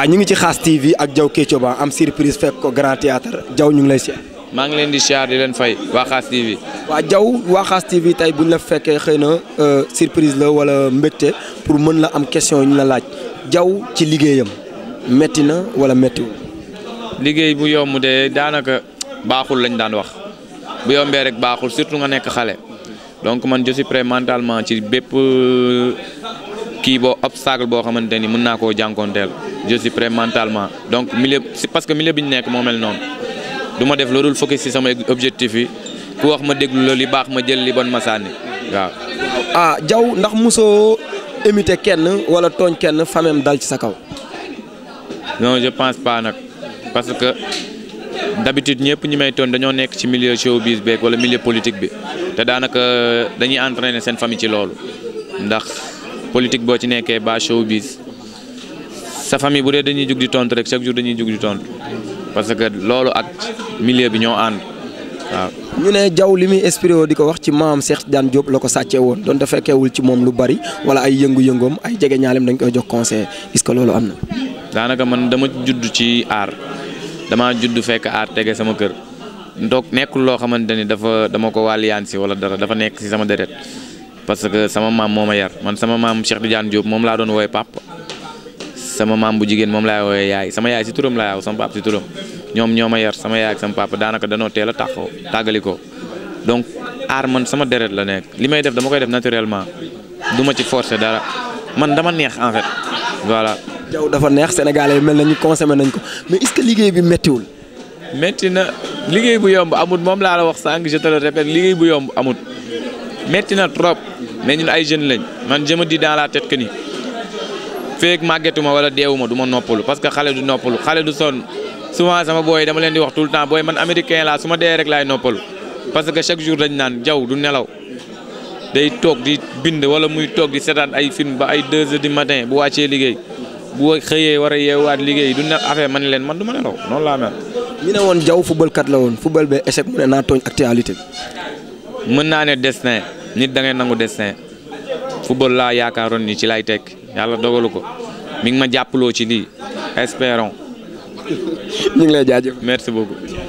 waaw ñu ngi ci xaas TV ak jaw Diaw Kécoba am surprise fekk ko Grand Théâtre Diaw ñu ngi lay siyaar. maa ngi leen di siyaar di leen fay waa xaas TV. waa jaw waa xaas TV tey bu ñu la fekkee xëy na euh, surprise la wala mbégte pour mën la am question yu ñu la laaj Diaw ci liggéeyam métti na wala méttiwul. liggéey bu yomb de daanaka baaxul lañ daan wax bu yombee rek baaxul surtout nga nekk xale donc man je suis prêt mentalement ci bépp euh, kii boo obstacle boo xamante ni mën naa koo jànkoonteel je suis mentalement donc milieu parce que milieu bi ñu nekk moo mel noonu du ma def loolu dul si ci sama objectif yi ku wax ma déglu loolu li baax ma jël li bon ma sànni waaw. ah Diaw ndax mosoo imité kenn wala tooñ kenn famem dal ci sa kaw. non je pense pas nag parce que d'habitude ñëpp ñi may tooñ dañoo nekk ci milieu showbiz beeg wala milieu politique bi te daanaka dañuy entraîner seen famille ci loolu politique boo ci nekkee ba showbiz sa famille bu dee dañuy jug di tontu rek chaque jour dañuy jug di tontu parce que loolu ak milieu bi ñoo ànd waaw. ñu ne jaww li muy inspiré woo di ko wax ci maam Cheikh Tidiane Diop la ko sàccee woon doon dafa fekkeewul ci moom lu bari wala ay yëngu-yëngoom ay jege ñaalem dañ koy jox conseil est-ce que loolu am na. daanaka man dama judd ci aar damaa judd fekk aar tege sama kër donc nekkul loo xamante ni dafa dama ko wàlliyaan si wala dara dafa nekk si sama deret parce que sama maam moo ma yar man sama maam Cheikh Tidiane Diop moom laa doon woowee papa sama maam bu jigéen moom laay woowee yaay sama yaay si turam laa yaaw sama papa si turam ñoom ñoo ma yar sama yaay ak sama papa daanaka danoo teel a taxaw tàggalikoo donc aar man sama deret la nekk li may def dama koy def naturellement du ma ci forcer dara man dama neex en fait voilà. jaww dafa neex sénégalais yi mel nañu consommé nañ ko mais est que liggéey bi méttiwul. métti na liggéey bu yomb amut moom laa la wax sànq je te metti na trop mais ñun ay jeunes lañ man je me dis dans la tête que ni feek màggetuma wala deewuma du ma noppalu parce que xale du noppalu xale du sonn souvent sama booy dama leen di wax tout le temps booy man américain laa su ma dee rek laay noppalu parce que chaque jour dañ naan jaw du nelaw day toog di bind wala muy toog di seetaan ay film ba ay 2 di du matin bu wàccee liggéey bu xëyee war a yeewaat liggéey du ne affaire man leen man du ma nelaw noonu laa mel. ñu ne woon la woon football ba échec mu ne mën naa ne destin nit da ngay nangu destin football laa yaakaaroon ni ci lay tekk yàlla dogalu ko mi ngi ma jàppaloo ci lii espérons. ñu ngi lay jaajëf merci beaucoup.